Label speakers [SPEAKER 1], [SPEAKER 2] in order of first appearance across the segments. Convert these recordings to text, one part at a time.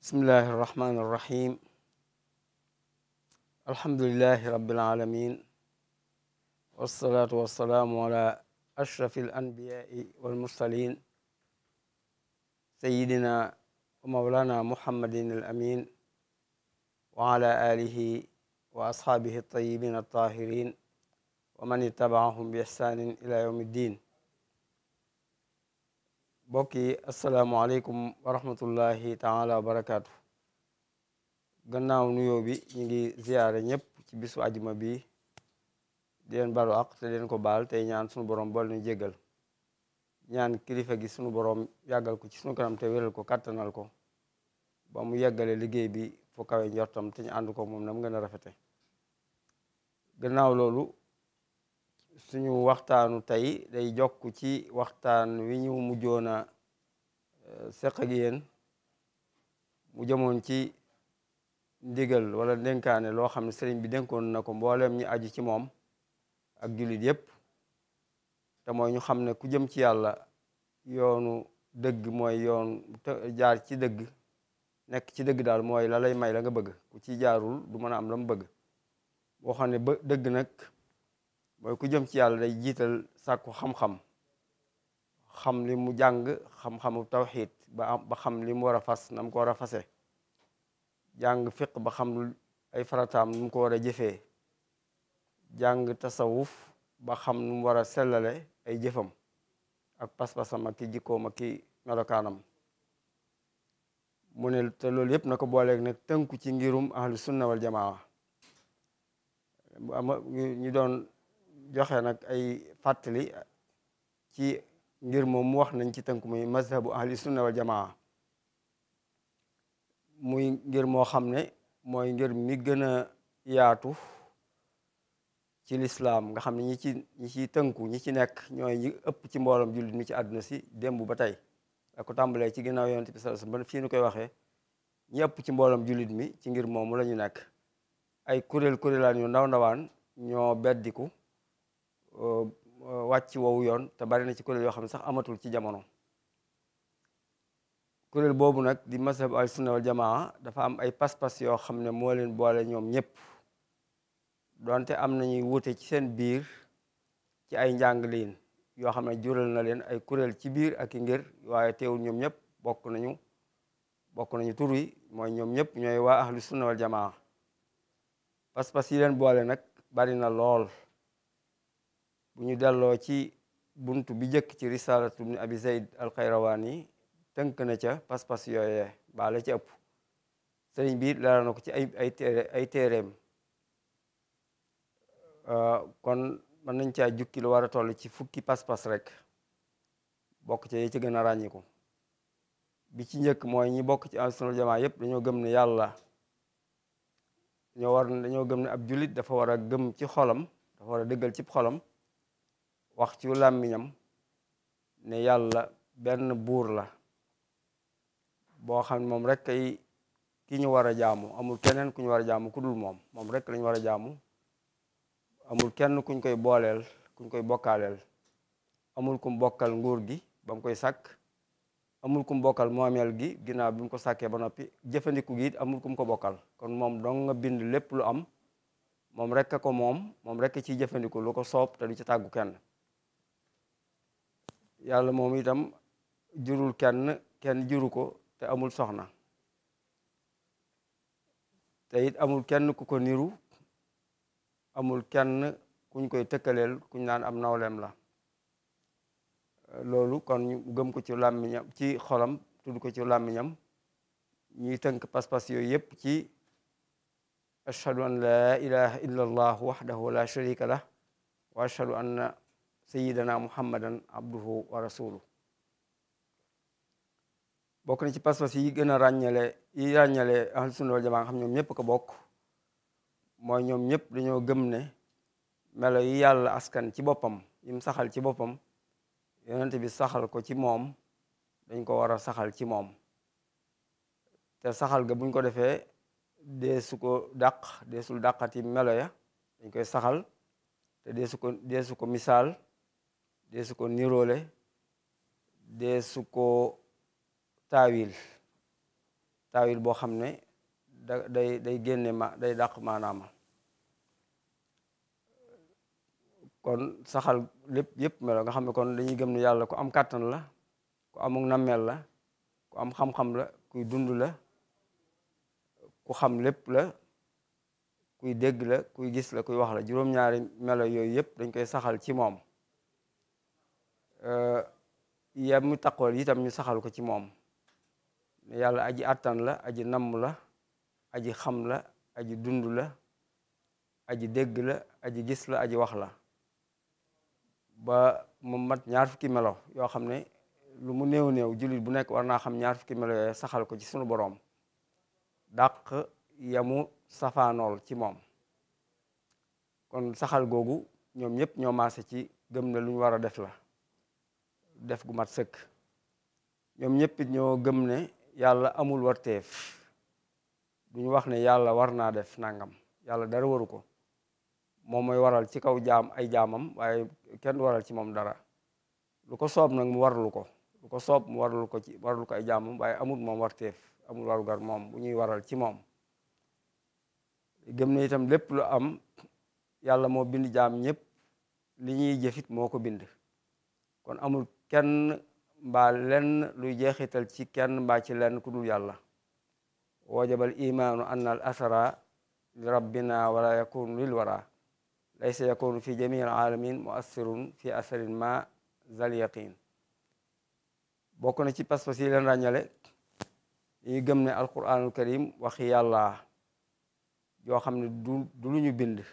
[SPEAKER 1] bismillahi irrahmani irrahim alhamdulilahi rabilalamin walsalaatu walsalaamu ala ashrafi alanbiyai walmursalin sayidina wa maulana muhammadin alamin wa ala alihi wa ashaabihi altayibin altahirin wa man ittabaahum bi ixsanin ila yawm ddin mbokk yi asalaamaaleykum wa rahmatullahi taala wa gannaaw nuyoo bi ñu ngi ziyaare ñëpp ci bisu ajuma bi di leen balu te leen ko baal tey ñaan sunu borom bool ñu jégal ñaan kilifa gi sunu boroom yàggal ko ci sunu kanam te wéral ko kàttanal ko ba mu yeggale liggéey bi fo kawe njortam te ñu ànd ko moom na mu gën a rafete gannaaw loolu suñu waxtaanu tey day jokk ci waxtaan wi ñu mujjoon a euh, seq mu jëmoon ci ndigal wala dénkaane loo xam ne sëriñ bi dénkoon na ko mbooleem ñu aju ci moom ak jullit yépp te mooy ñu xam ne ku jëm ci yàlla yoonu dëgg mooy yoon jaar ci dëgg nekk ci dëgg daal mooy la lay may la nga bëgg ku ci jaarul du mën a am la mu bëgg boo xam ne dëgg nag mooy ku jëm ci àll day jiital sàkku xam-xam xam li mu jàng xam-xamu tawxiid ba xam li mu war a fas na mu ko war a fase jàng fiq ba xam ay farataam nu mu ko war a jëfee jàng tasawuf ba xam num mu war a sellale ay jëfam ak pas-pasam ak ki jikkoom ak ki melokaanam mu ne te loolu yëpp na ko booleek nag tënku ci ngirum ahlu sunna wal ñu doon joxe nag ay fàttali ci ngir moom mu wax nañ ci tënk muy mazhabu ahli sunna wal jamaa muy ngir moo xam ne mooy ngir mi gën a yaatu ci lislaam nga xam ne ñi ci ñi ci tënku ñi ci nekk ñooy ñi ëpp ci mbooloom jullit mi ci àdduna si démb ba tey ak ko tàmbalee ci ginnaaw yonent bi sallallahu alayhi wasallam ba fii nu koy waxee ñi ëpp ci mbooloom jullit mi ci ngir moomu la nekk ay kuréel kuréelaan yu ndaw ndawaan ñoo beddiku Euh, euh, wàcc ci woowu yoon te bari na ci kuréel yoo xam ne sax amatul ci jamono kuréel boobu nag di mazhab al sunna wal jamaa dafa am ay pas-pas yoo xam ne moo leen boole ñoom ñëpp donte am nañuy wute ci seen biir ci ay njàngleen yoo xam ne jural na leen ay kuréel ci biir ak i ngir waaye teewul ñoom ñëpp bokk nañu bokk nañu tur yi mooy ñoom ñëpp ñooy waa ahlu sunna wal jamaa pas-pas yi leen boole nag bari na lool bu ñu ci bunt bi jëkk ci risalatu ibn abi zayd alxayrawaan yi tënk na ca pas-pas yooyee baa ci ëpp sëriñ bi leeral na ko ci ay ay téere euh, kon mën nañ caa jukki lu war a toll ci fukki pas-pas rek bokk ci yi ci gën a ràññiku bi ci njëkk mooy ñi bokk ci ahlu sunna jamaa yépp dañoo gëm ne yàlla dañoo war dañoo gëm ne ab jullit dafa war a gëm ci xolam dafa war a dëggal ci xolam wax ci làmmiñam ne yàlla benn buur la boo xam moom rek ay ki ñu war a jaamu amul keneen ku ñu war a jaamu ku dul moom moom rek la war a jaamu amul kenn kuñ koy booleel kuñ koy bokkaaleel amul kum bokkal nguur gi bam koy sàkk amul kum bokkal moomeel gi ginnaaw bi mu ko sàkkee ba noppi jëfandiku gi it amul kum ko bokkal kon moom dong nga bind lépp lu am moom rek a ko moom moom rekk ci ciy jëfandiku lu ko soob te du ci tàggu kenn yàlla moom itam jurul kenn kenn juru ko te amul soxna te it amul kenn ku ko niru amul kenn kuñ koy tëkkaleel kuñ naan am nawleem la loolu kon gëm ko ci làmmiñam ci xolam tudd ko ci làmmiñam ñuy tënk pas-pas yooyu yépp ci ashhadu an la ilaha illa allah wahdahu la sharika lah wa ashhadu anna sayidana muhammadan abduhu wa rasuluhu bokk na ci pas-pas yi gën a ràññale yi ràññale ahlu sunna wal jamaa nga xam ñoom ñëpp ko bokk mooy ñoom ñëpp dañoo gëm ne melo yi yàlla askan ci boppam yim saxal ci boppam yonent bi saxal ko ci moom dañ ko war a saxal ci moom te saxal ga buñ ko defee desu ko dàq deesul dàqati melo ya dañ koy saxal te deesu ko deesu ko misaal deesu ko niroole deesu ko taawil taawil boo xam ne da day day génne ma day dàq maanaama kon saxal lépp yépp melo nga xam ne kon dañuy gëm ne yàlla ku am kàttan la ku amuk nammeel la ku am xam-xam la kuy dund la ku xam lépp la kuy dégg la kuy gis la kuy wax la juróom-ñaari melo yooyu yépp dañ koy saxal ci moom Euh, ya mu taqool ñu saxal ko ci moom yàlla aji àttan la aji namm la aji xam la aji dund la aji dégg la aji gis la aji wax la ba mu mat ñaar fukki melo yoo xam ne lu mu néew néew jullit bu nekk war naa xam ñaar fukki melo yooyu saxal ko ci sunu boroom dàq yamu safaanool ci moom kon saxal googu ñoom ñëpp ñoo maase ci gëm na lu ñu war a def la def gu mat sëkk ñoom ñëpp it ñoo gëm ne yàlla amul warteef ñu wax ne yàlla war naa def nangam yàlla dara waru ko moom mooy waral ci kaw jaam ay jaamam waaye kenn waral ci moom dara lu ko soob nag mu warlu ko lu ko soob mu warlu ko ci warlu ko ay jaamam waaye amul moom warteef amul warugar moom bu ñuy waral ci moom gëm ne itam lépp lu am yàlla moo bind jaam ñëpp li ñuy jëfit moo ko bind kon amul kenn mbaa lenn luy jeexital ci kenn mbaa ci lenn ku dul yàlla wajabal imaanu anna al asara li rabbina wala yakunu lil wara laysa yakunu fi jamii al alamin muassirun fi asarin ma zal yaqin bokk na ci pas-pas yi leen ràññale yi gëm ne alquranul karim waxi yàlla joo xam ne du du lu ñu bind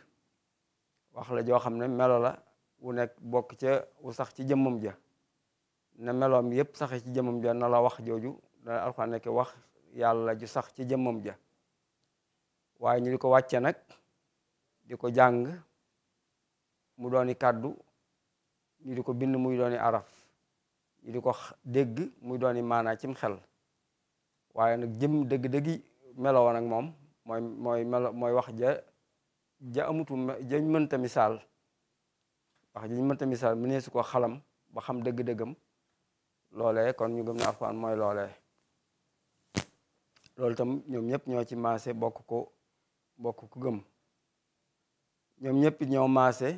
[SPEAKER 1] wax la joo xam ne wu nekk bokk ca wu sax ci jëmmam ja na meloom yépp saxe ci jëmmam ja na la wax jooju dana alxuraan nekk wax yàlla ju sax ci jëmmam ja waaye ñu di ko wàcce nag di ko jàng mu dooni kàddu ñu di ko bind muy dooni araf ñu di ko dégg muy dooni maanaa cim xel waaye nag jëm dëgg-dëggi meloo nag moom mooy mooy melo mooy wax ja ja amutu ja mënta misaal wax ji ñu mënta misaal mu ko xalam ba xam dëgg-dëggam loolee kon ñu gëm ne alxuraan mooy loole loolu tam ñoom ñëpp ñoo ci maase bokk ko gëm ñoom ñëpp ñoo maase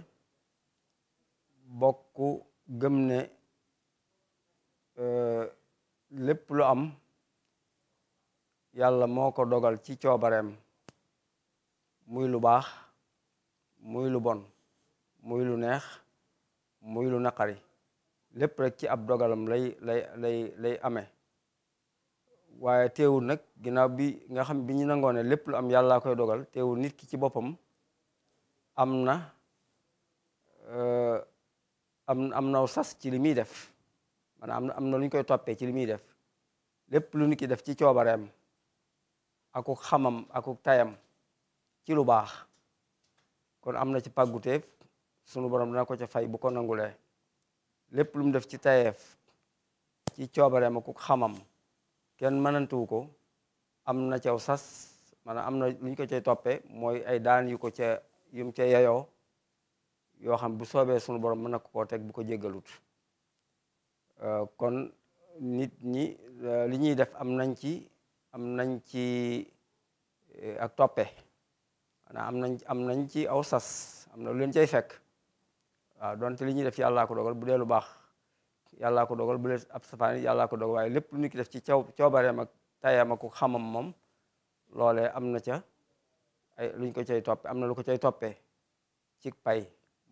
[SPEAKER 1] bokk gëm ne euh, lépp lu am yàlla moo ko dogal ci coobareem muy lu baax muy lu bon muy lu neex muy lu naqari lépp rek ci ab dogalam lay lay lay lay amee waaye teewul nag ginnaaw bi nga xam bi ñu nangoo lépp lu am yàllaa koy dogal teewul nit ki ci boppam am na euh, am naw sas ci li muy def maanaam am na lu ñu koy toppee ci li muy def lépp lu nit def ci coobareem akuk xamam akuk tayam ci lu baax kon am na ci pàgguteef sunu borom dana ko ca fay bu ko nangulee lépp lum def ci tayeef ci coobareem ak xamam kenn mënantuwu ko am na caw sas maanaam am na lu ko cay toppee mooy ay daan yu ko ca yu mu ca yeyoo yoo xam bu soobee sunu borom mën na koo teg bu ko jéggalut euh, kon nit ñi euh, li ñuy def am nañ ci am nañ ci euh, ak toppe maanaam am nañ am nañ ci aw sas am na lu leen cay fekk waaw donte li ñuy def yàllaa ko dogal bu dee lu baax yàllaa ko dogal bu dee ab safaan yàllaa ko dogal waaye lépp lu nit ki def ci caw coobareem ak tayam ak xamam moom loole am na ca ay luñ ko cay toppe am na lu ko cay toppee ci pay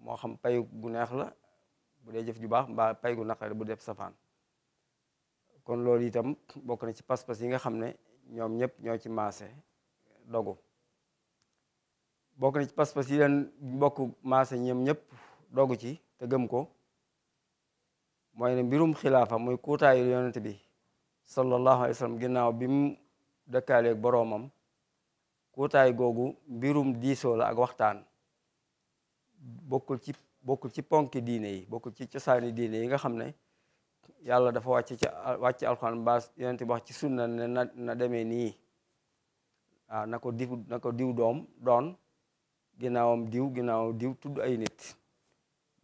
[SPEAKER 1] moo xam pay gu neex la bu dee jëf ju baax mbaa pay gu naqari bu def safaan kon loolu itam bokk na ci pas-pas yi nga xam ne ñoom ñëpp ñoo ci maase dogu bokk na ci pas-pas yi leen bokk maase ñoom ñëpp dogu ci te gëm ko mooy ne mbirum xilaafa mooy kuutaayu yonent bi sallallahu alayhi wa sallam ginnaaw bi mu dëkkaaleeg boroomam kuutaay googu mbirum diisoo la ak waxtaan bokkul ci bokkul ci ponki diine yi bokkul ci cosaani diine yi nga xam ne yàlla dafa wàcc ci wàcc alxuraan bi wax ci sunna ne na na demee nii waaw ah, na ko diw ko diw doom doon ginnaawam diw ginnaaw diw tudd ay nit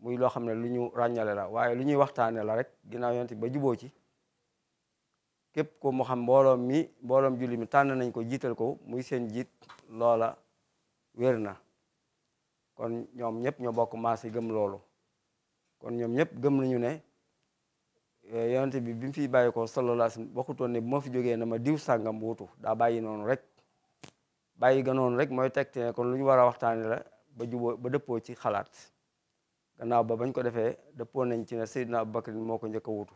[SPEAKER 1] muy loo xam ne lu ñu ràññale la waaye lu ñuy waxtaane la rek ginnaaw yonent ba juboo ci képp ko mu xam mbooloom mi mbooloom julli mi tànn nañ ko jiital ko muy seen jiit loola wér na kon ñoom ñëpp ñoo bokk maas gëm loolu kon ñoom ñëpp gëm nañu ne e, yonent bi bi mu fi bàyyi ko sallallahu alayhi wasallam waxutoon ne bu ma fi jógee na ma diw sàngam wuutu daa bàyyi noonu rek bàyyi ga noonu rek mooy tegte kon lu ñu war a waxtaane la ba juboo ba dëppoo ci xalaat gannaaw ba bañ ko defee dëppoo nañ ci ne Seydina Aboubacar moo ko njëkk a wutu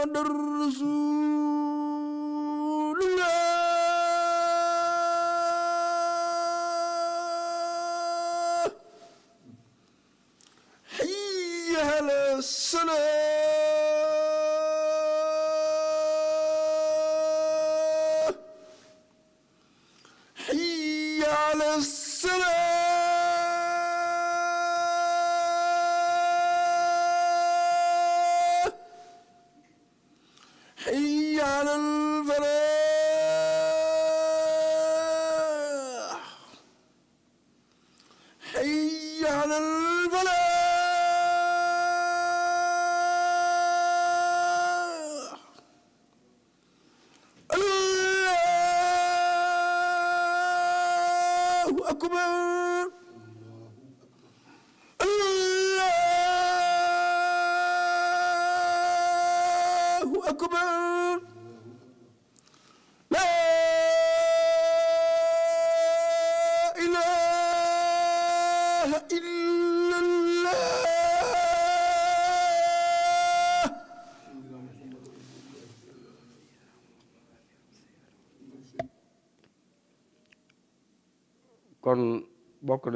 [SPEAKER 2] Muhammadur Rasul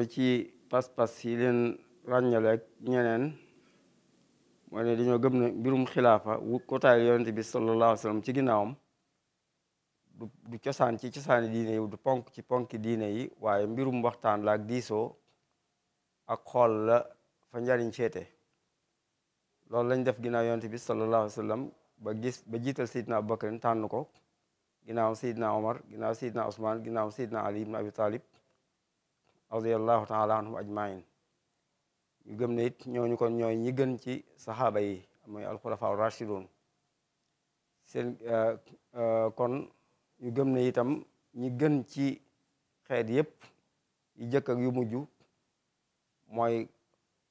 [SPEAKER 1] ci pas-pas yi leen ràññale ak ñeneen mooy ne dañoo gëm ne mbirum xilaafa wu kotaay bi sallallahu alayhi wa ci ginnaawam du cosaan ci cosaani diine yi du ponk ci ponki diine yi waaye mbirum waxtaan la ak diisoo ak xool la fa njariñ seete loolu lañ def ginnaaw yonent bi sallallahu alayhi wa ba gis ba jiital Seydina Abubakar tànn ko ginnaaw Seydina Omar ginnaaw Seydina Ousmane ginnaaw Seydina Ali ibn Abi Talib radiallahu taala anhum ajmain ñu gëm ne it ñooñu kon ñooy ñi gën ci saxaaba yi mooy alxulafa rachidun seen euh, euh, kon ñu gëm ne itam ñi gën ci xeet yépp yu jëkk ak yu mujj mooy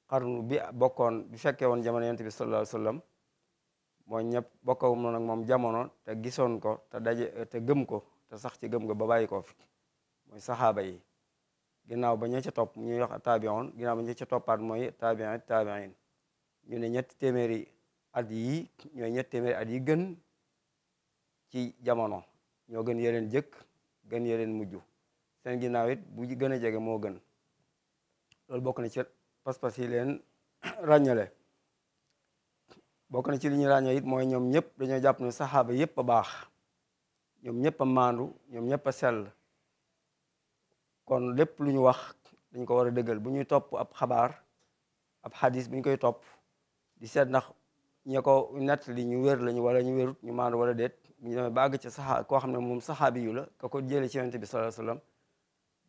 [SPEAKER 1] xarnu bi bokkoon bi fekkee woon jamono yonent bi sallallahu mooy ñëpp bokkawum noonu moom jamono te gisoon ko te daje te gëm ko te sax ci gëm ko ba bàyyi ko fi mooy saxaaba yi ginnaaw ba ña ca topp ñuy a taabi'un ginnaaw ba ña ca toppaat mooy taabi'in taabi'in ñu ne ñetti téeméeri at yi ñooy ñetti téeméeri at yi gën ci jamono ñoo gën yeneen jëkk gën yeneen mujj seen ginnaaw it bu gën a jege moo gën loolu bokk na ci pas-pas yi leen ràññale bokk na ci li ñuy ràññee it mooy ñoom ñëpp dañoo jàpp ne saxaaba yëpp a baax ñoom ñëpp a maandu ñoom ñëpp a sell kon lépp lu ñu wax dañ ko war a dëggal bu ñuy topp ab xabaar ab xadis bu ñu koy topp di seet ndax ña ko nett li ñu wér lañu wala ñu wérut ñu maandu wala déet bu ñu demee ba àgg ci saxaa koo xam ne moom saxaabi yu la ko ko jëlee ci yonent bi sallallahu alayhi wasallam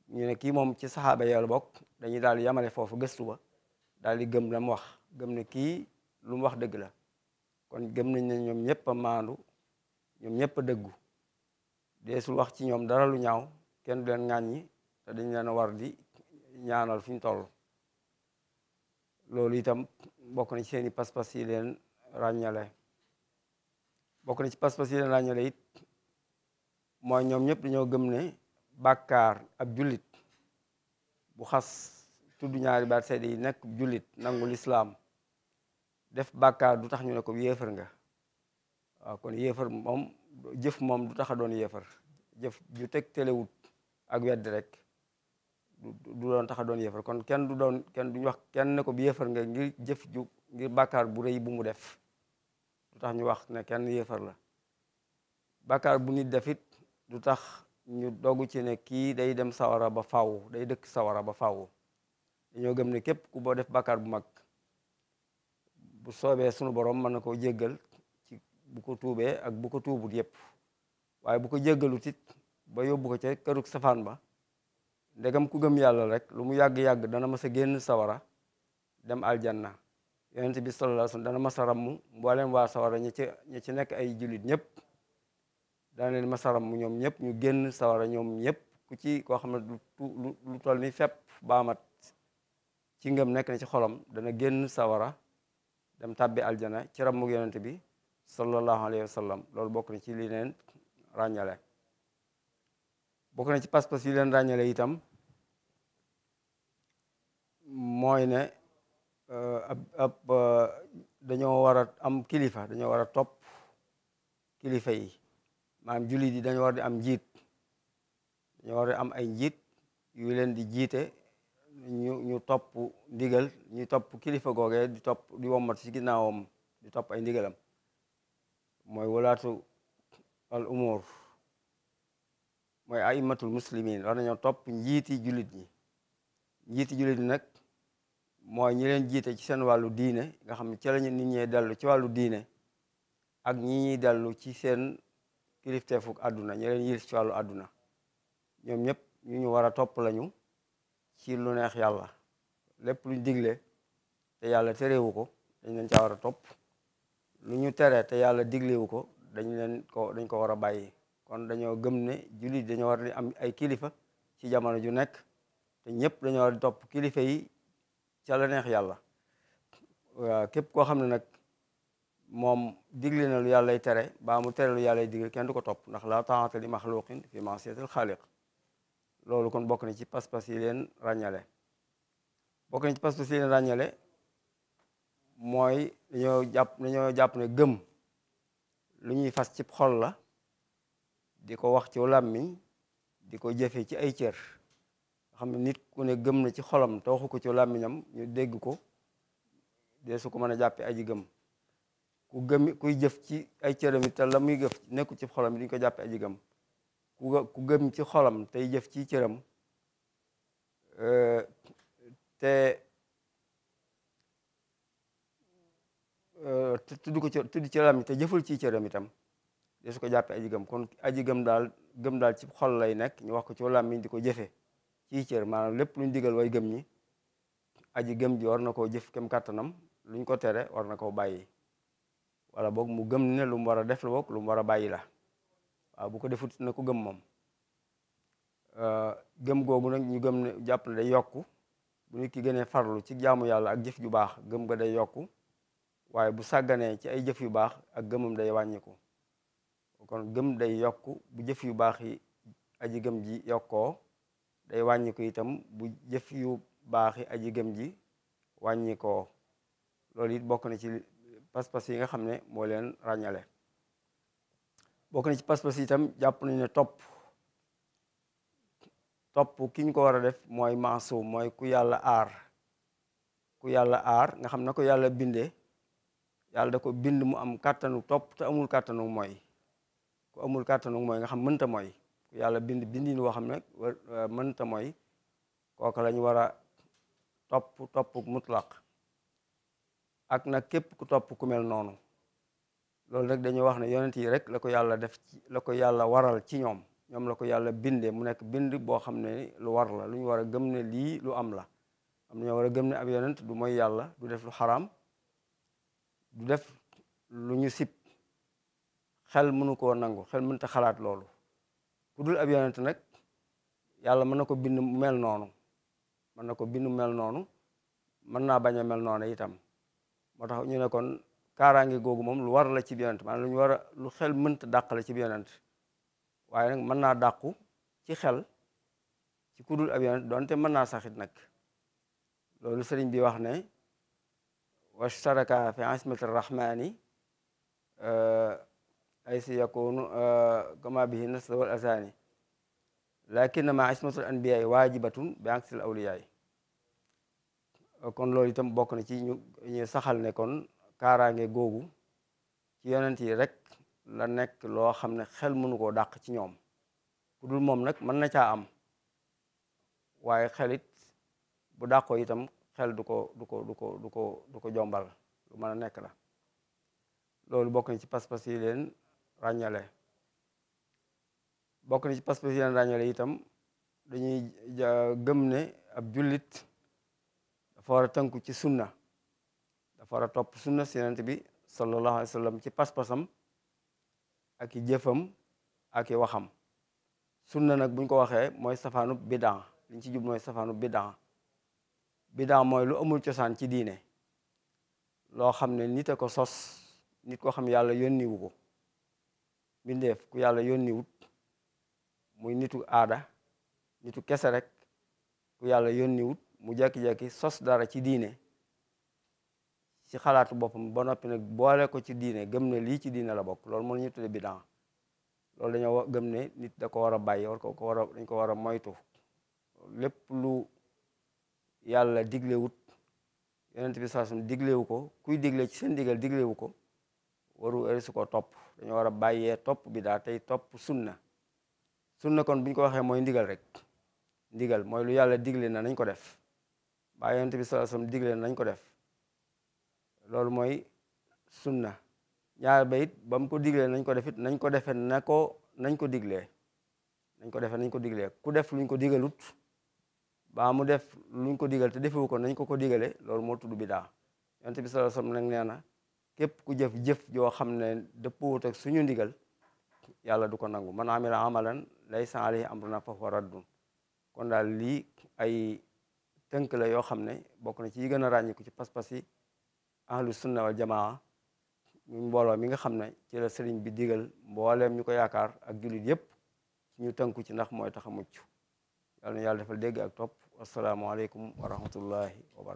[SPEAKER 1] ñu ne kii moom ci saxaaba yàlla bokk dañuy daal di yamale foofu gëstu ba daal di gëm la wax gëm ne kii lu mu wax dëgg la kon gëm nañ ne ñoom ñëpp a maandu ñoom ñëpp a dëggu deesul wax ci ñoom dara lu ñaaw kenn du leen ŋàññi te dañ leen a war di ñaanal fu ñu toll loolu itam bokk na ci seen i pas-pas yi leen ràññale bokk na ci pas-pas yi leen ràññale it mooy ñoom ñëpp dañoo gëm ne bàkkaar ab jullit bu xas tudd ñaari baat seede yi nekk jullit nangu lislaam def bàkkaar du tax ñu ne ko yéefar nga kon yéefar moom jëf moom du tax a doon yéefar jëf ju teg telewut ak wedd rek du doon tax a doon yéefar kon kenn du doon kenn du duñu wax kenn ko bi yéefar nga ngir jëf ju ngir bàkkaar bu rëy bu mu def du tax ñu wax ne kenn yéefar la bàkkaar bu nit def it du tax ñu dogu ci ne kii day dem sawara ba faw day dëkk sawara ba faw dañoo gëm ne képp ku boo def bàkkaar bu mag bu soobee sunu borom mën na koo jéggal ci bu ko tuubee ak bu ko tuubut yépp waaye bu ko jéggalut it ba yóbbu ko ca kërug safaan ba ndegam ku gëm yàlla rek lu mu yàgg-yàgg dana masa génn sawara dem aljanna yonent bi sallallahu alayhi wasallam dana mas a ramm mbooleem waa sawara ñi ci ci nekk ay jullit ñëpp leen mas a ñoom ñëpp ñu génn sawara ñoom ñëpp ku ci koo xam ne lu lu toll ni fépp baamat ci ngëm nekk na ci xolam dana génn sawara dem tàbbi aljana ci mu yonent bi sallallahu alayhi wasallam loolu bokk na ci li leen ràññale bokk na ci pas-pas yi leen ràññale itam mooy ne euh, euh, dañoo war am kilifa dañoo war a topp kilifa yi maanaam jullit yi dañoo war di am njiit dañoo war di am ay njiit yu leen di jiite ñu ñu topp ndigal ñu topp kilifa googee di topp di wommat ci ginnaawam di topp ay ndigalam mooy walaatu al umur mooy aimatul muslimin war nañoo topp njiiti julit ñi njiiti jullit ñi nag mooy ñi leen jiite ci seen wàllu diine nga xam ne ci lañu nit ñee dellu ci wàllu diine ak ñi ñuy dellu ci seen kilifteefu àdduna ñi leen yilis ci wàllu àdduna ñoom ñëpp ñu ñu war a topp lañu ci lu neex yàlla lépp luñ digle te yàlla terewu ko dañ leen caa war a topp lu ñu tere te yàlla diglewu ko dañ leen ko dañ ko war a bàyyi kon dañoo gëm ne jullit dañoo war di am ay kilifa ci jamono ju nekk te ñëpp dañoo war di topp kilifa yi ca yàlla waaw képp koo xam ne nag moom digle na yàlla yàllay tere baa mu tere lu yàllay digle kenn du ko topp ndax laa taa'ata li maxluqin fi ma'siyatil xaaliq loolu kon bokk na ci pas-pas yi leen ràññale bokk na ci pas-pas yi leen ràññale mooy dañoo jàpp dañoo jàpp ne gëm lu ñuy fas ci xol la di ko wax ci làmmiñ di ko jëfe ci ay cër xam ne nit ku ne gëm na ci xolam te waxu ko ci làmmiñam ñu dégg ko dee su ko mën a jàppe aji gëm ku gëm kuy jëf ci ay cëram te la muy gëf nekku ci xolam duñ ko jàppe aji gëm ci xolam tey jëf ci cëram euh, euh, te tudd ko ci tudd ci làmmiñ te jëful ci cëram itam de su ko jàppee aji gëm kon aji gëm daal gëm daal ci xol lay nekk ñu wax ko ci làmmiñ di ko jëfee ci cër maanaam lépp luñ digal way gëm ñi aji gëm ji war na koo jëf kem kattanam luñ ko tere war na koo bàyyi wala boog mu gëm ne lu mu war def la boog lu mu war a bàyyi la waaw bu ko defut na ko gëm moom euh, gëm googu nag ñu gëm ne jàpp ne day yokku bu nit ki gënee farlu ci jaamu yàlla ak jëf ju baax gëm ga day yokku waaye bu sàgganee ci ay jëf yu baax ak gëmam day wàññiku kon gëm day yokk bu jëf yu baax yi aji gëm ji yokkoo day wàññi ko itam bu jëf yu baax yi aji gëm ji wàññi koo loolu it bokk na ci pas-pas yi nga xam ne moo leen ràññale bokk na ci pas-pas itam jàpp nañ ne topp topp kiñ ko war a def mooy maasu mooy ku yàlla aar ku yàlla aar nga xam na ko yàlla bindee yàlla da ko bind mu am kàttanu topp te amul kàttanu mooy ku amul kàttanu mooy nga xam mënta mooy ku bind bindin woo xam ne mënta mooy kooka lañ war a topp topp mutlaq ak nag képp ku topp ku noonu loolu nag dañuy wax ne yonent yi rek la ko yàlla def la ko yàlla waral ci ñoom ñoom la ko yàlla bindee mu nekk bind boo xam ne lu war la lu ñu war a gëm ne lii lu am la am na ñoo war a gëm ne ab yonent du mooy yàlla du def lu xaraam du def lu ñu sib xel mënu koo nangu xel mënut a xalaat loolu ku dul ab nag yàlla mën na ko bind mel noonu mën na ko bind mel noonu mën naa bañ mel noonu itam moo tax ñu ne kon googu moom lu war la ci yonent maanaam lu ñu war a lu xel mënta dàq la ci yonent waaye nag mën naa dàqu ci xel ci kudul dul ab yonent doonte mën naa saxit nag loolu sëriñ bi wax ne washtaraka fi ismati rahmani euh, ay si yakunu eh, kama bihi nas wal asani lakin ma ismatul anbiyaay waajibatun bi aksil awliyaay kon loolu itam bokk na ci ñu saxal ne kon kaaraange googu ci yonent yi rek la nekk loo xam ne xel mënu koo dàq ci ñoom ku dul moom nag mën na caa am waaye xelit bu dàqoo itam xel du ko du ko du ko du ko du ko jombal mën a nekk la loolu bokk na ci pas-pas leen ràññale bokk na ci pas-pas yi itam dañuy gëm ne ab jullit dafa war a tënku ci sunna dafa war topp sunna si bi sallallahu alayhi wa ci pas aki jëfam ak i waxam sunna nag buñ ko waxee mooy safaanub bidan liñ ci jub mooy safaanu bidan bidan mooy lu amul cosaan ci diine loo xam ne nit a ko sos nit koo xam yàlla yónniwu ko mbindeef ku yàlla yónni wut muy nitu aada nitu kese rek ku yàlla yónni wut mu jekki-jekki sos dara ci diine ci xalaatu boppam ba noppi nag boole ko ci diine gëm ne lii ci diine la bokk loolu moo ñu tudde bidan loolu dañoo gëm ne nit da ko war a bàyyi war ko ko war a dañ ko war a moytu lépp lu yàlla diglewut yonent bi saasum diglewu ko kuy digle ci seen diglewu waru arisu ko topp dañoo war a bàyyee topp bi daa tey topp sunna sunna kon bu ñu ko waxee mooy ndigal rek ndigal mooy lu yàlla digle na nañ ko def bàyyi yonent bi sallallahu alayhi wasallam digle nañ ko def loolu mooy sunna ñaar ba it ba ko diglee nañ ko def it nañ ko defee na ko nañ ko diglee nañ ko defee nañ ko diglee ku def luñ ko digalut baa mu def luñ ko digal te defewu ko nañ ko ko digale loolu moo tudd bidaa yonent bi sallallahu alayhi wasallam nag nee na képp ku jëf jëf joo xam ne dëppoowut ak suñu ndigal yàlla du ko nangu man amila amalan laysa alayhi amruna war a raddun kon daal lii ay tënk la yoo xam ne bokk na ci yi gën a ràññiku ci pas-pas yi ahlu sunna wal mbooloo mi nga xam ne ci la sëriñ bi digal mbooleem ñu ko yaakaar ak jullit yépp ci ñu tënku ci ndax mooy tax a mucc yàlla yàlla defal dégg ak topp wasalaamualeykum wa rahmatullahi wa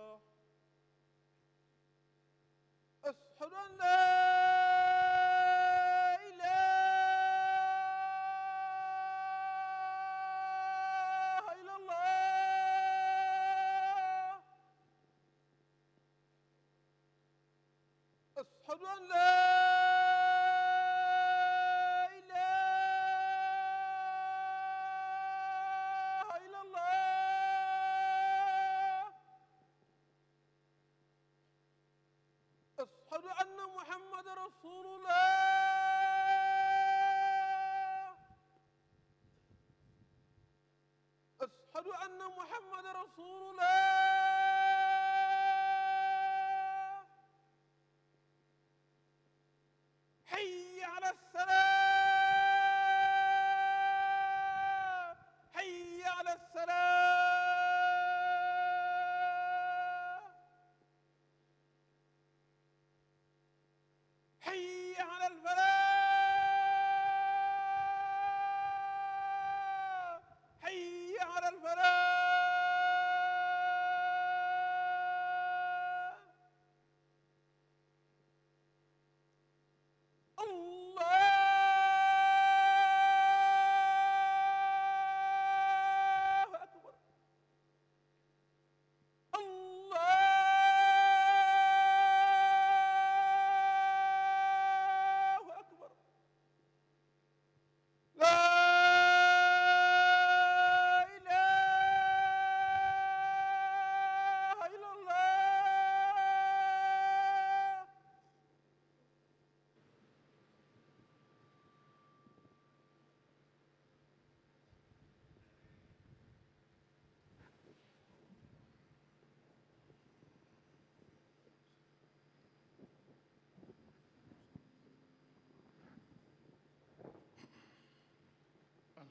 [SPEAKER 2] محمد رسول الله أشهد أن محمد رسول الله حي على السلام حي على السلام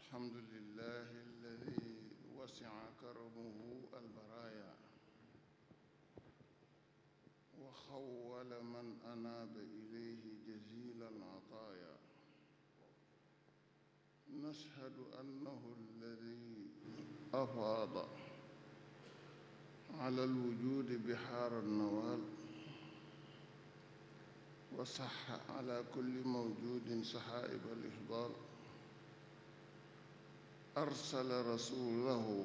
[SPEAKER 2] الحمد لله الذي وسع كرمه البرايا وخول من أناب إليه جزيل العطايا نشهد أنه الذي أفاض على الوجود بحار النوال وصح على كل موجود سحائب الإفضال أرسل رسوله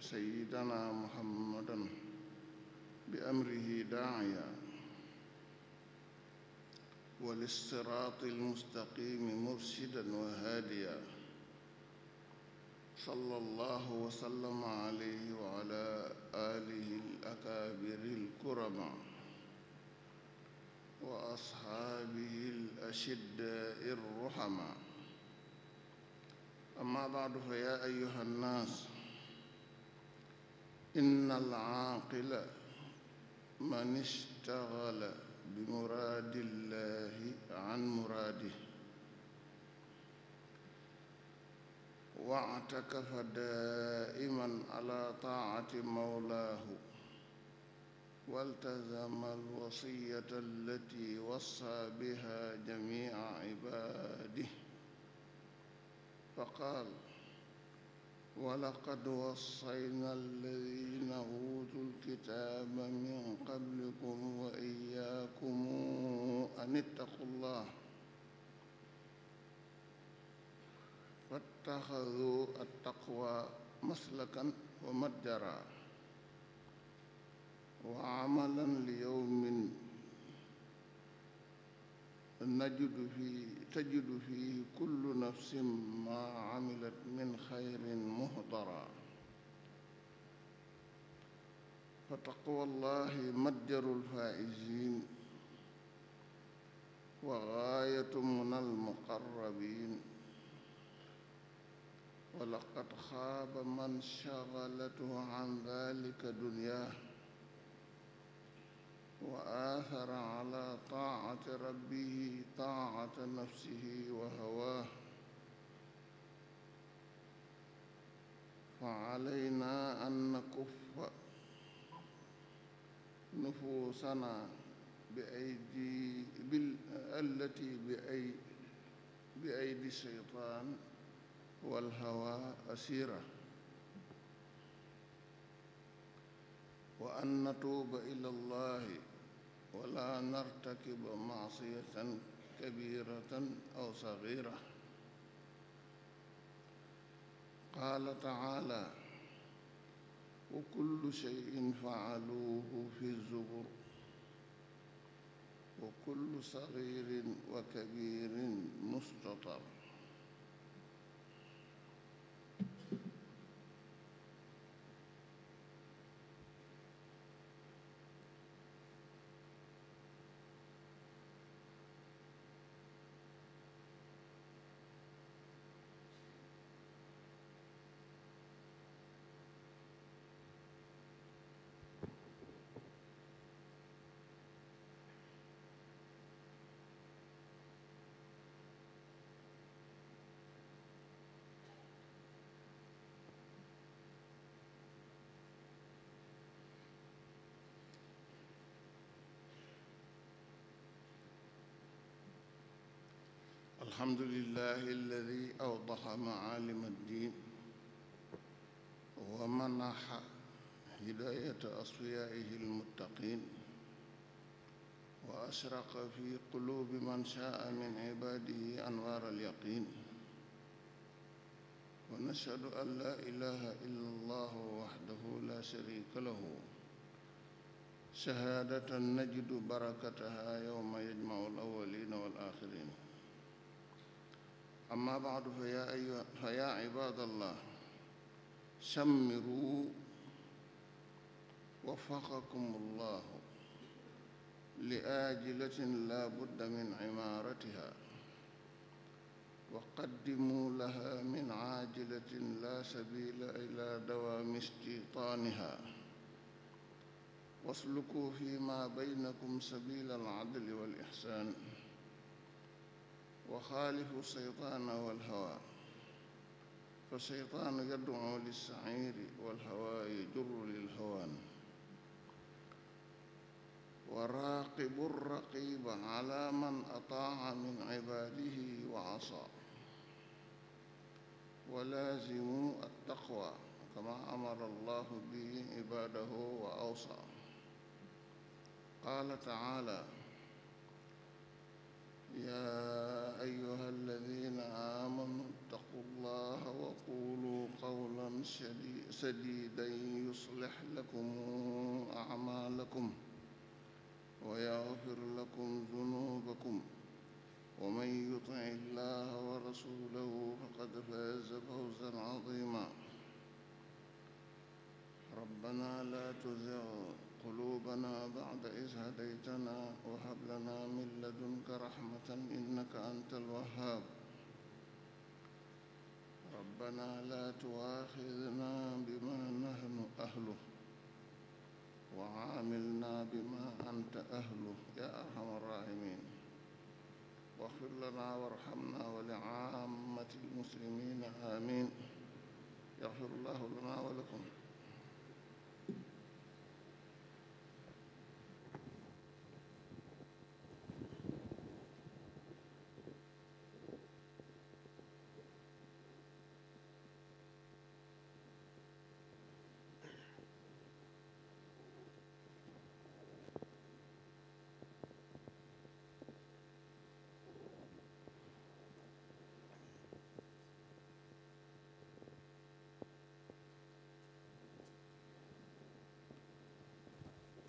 [SPEAKER 2] سيدنا محمدا بأمره داعيا وللصراط المستقيم مرشدا وهاديا صلى الله وسلم عليه وعلى آله الأكابر الكرماء وأصحابه الأشداء الرحماء أما بعد فيا أيها الناس إن العاقل من اشتغل بمراد الله عن مراده واعتكف دائما على طاعة مولاه والتزم الوصية التي وصى بها جميع عباده فقال ولقد وصينا الذين أوتوا الكتاب من قبلكم وإياكم أن اتقوا الله واتخذوا التقوى مسلكا ومتجرا وعملا ليوم نجد فيه تجد فيه كل نفس ما عملت من خير مهضرا فتقوى الله متجر الفائزين وغاية من المقربين ولقد خاب من شغلته عن ذلك دنياه وآثر على طاعة ربه طاعة نفسه وهواه فعلينا أن نكف نفوسنا بأيدي بال... التي بأي... بأيدي الشيطان والهوى أسيرة وأن نتوب إلى الله ولا نرتكب معصية كبيرة أو صغيرة قال تعالى وكل شيء فعلوه في الزبر وكل صغير وكبير مستطر الحمد لله الذي أوضح معالم الدين ومنح هداية أصفيائه المتقين وأشرق في قلوب من شاء من عباده أنوار اليقين ونشهد أن لا إله إلا الله وحده لا شريك له شهادة نجد بركتها يوم يجمع الأولين والآخرين أما بعد فيا, أيها فيا عباد الله سمروا وفقكم الله لآجلة لا بد من عمارتها وقدموا لها من عاجلة لا سبيل إلى دوام استيطانها واسلكوا فيما بينكم سبيل العدل والإحسان وخالفوا الشيطان والهوى فالشيطان يدعو للسعير والهوى يجر للهوان وراقب الرقيب على من أطاع من عباده وعصى ولازموا التقوى كما أمر الله به عباده وأوصى قال تعالى يا أيها الذين آمنوا اتقوا الله وقولوا قولا سديدا يصلح لكم أعمالكم ويغفر لكم ذنوبكم ومن يطع الله ورسوله فقد فاز فوزا عظيما ربنا لا تزغ قلوبنا بعد إذ هديتنا وهب لنا من لدنك رحمة إنك أنت الوهاب ربنا لا تؤاخذنا بما نحن أهله وعاملنا بما أنت أهله يا أرحم الراحمين واغفر لنا وارحمنا ولعامة المسلمين آمين يغفر الله لنا ولكم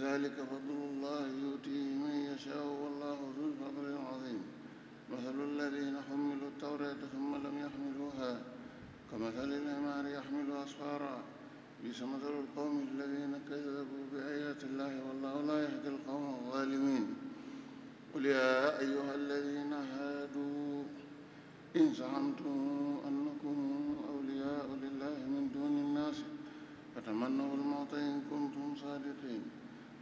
[SPEAKER 2] ذلك فضل الله يؤتيه من يشاء والله ذو الفضل العظيم مثل الذين حملوا التوراة ثم لم يحملوها كمثل الحمار يحمل أسفارا بئس مثل القوم الذين كذبوا بآيات الله والله لا يهدي القوم الظالمين قل يا أيها الذين هادوا إن زعمتم أنكم أولياء لله من دون الناس فتمنوا الموت إن كنتم صادقين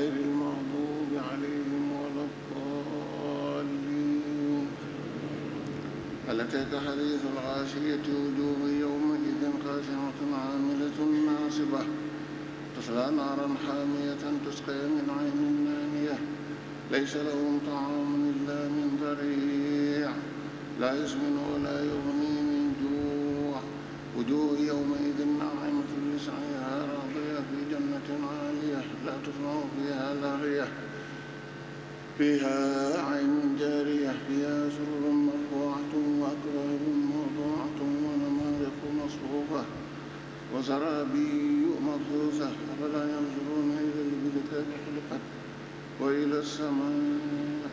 [SPEAKER 2] غير المغضوب عليهم ولا الضالين هل أتاك حديث الغاشية وجوه يومئذ خاشعة عاملة ناصبة تصلى نارا حامية تسقى من عين آنية ليس لهم طعام إلا من ضريع لا يسمن ولا يغني من جوع وجوه يومئذ ناعمة لسعيها راضية في جنة عالية لا تسمع فيها لاغية فيها عين جارية فيها سرر مرفوعة وأكواب موضوعة ونمارق مصفوفة وزرابي مبثوثة أفلا ينظرون إلى البلدان خلقت وإلى السماء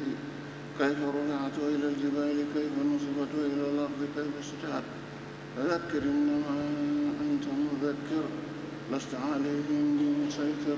[SPEAKER 2] كيف رفعت وإلى الجبال كيف نصبت وإلى الأرض كيف سطحت فذكر إنما أنت مذكر لست عليهم بمسيطر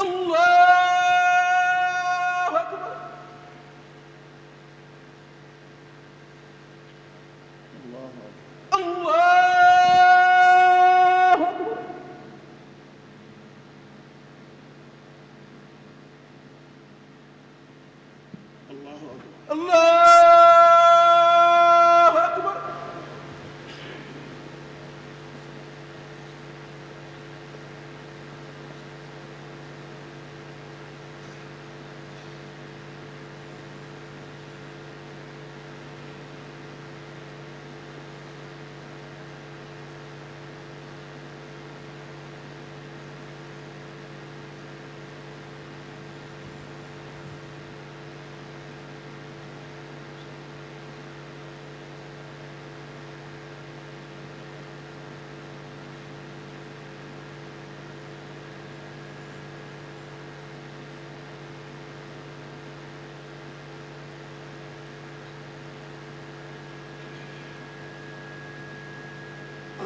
[SPEAKER 2] الله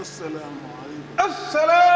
[SPEAKER 2] asalaamaaleykum.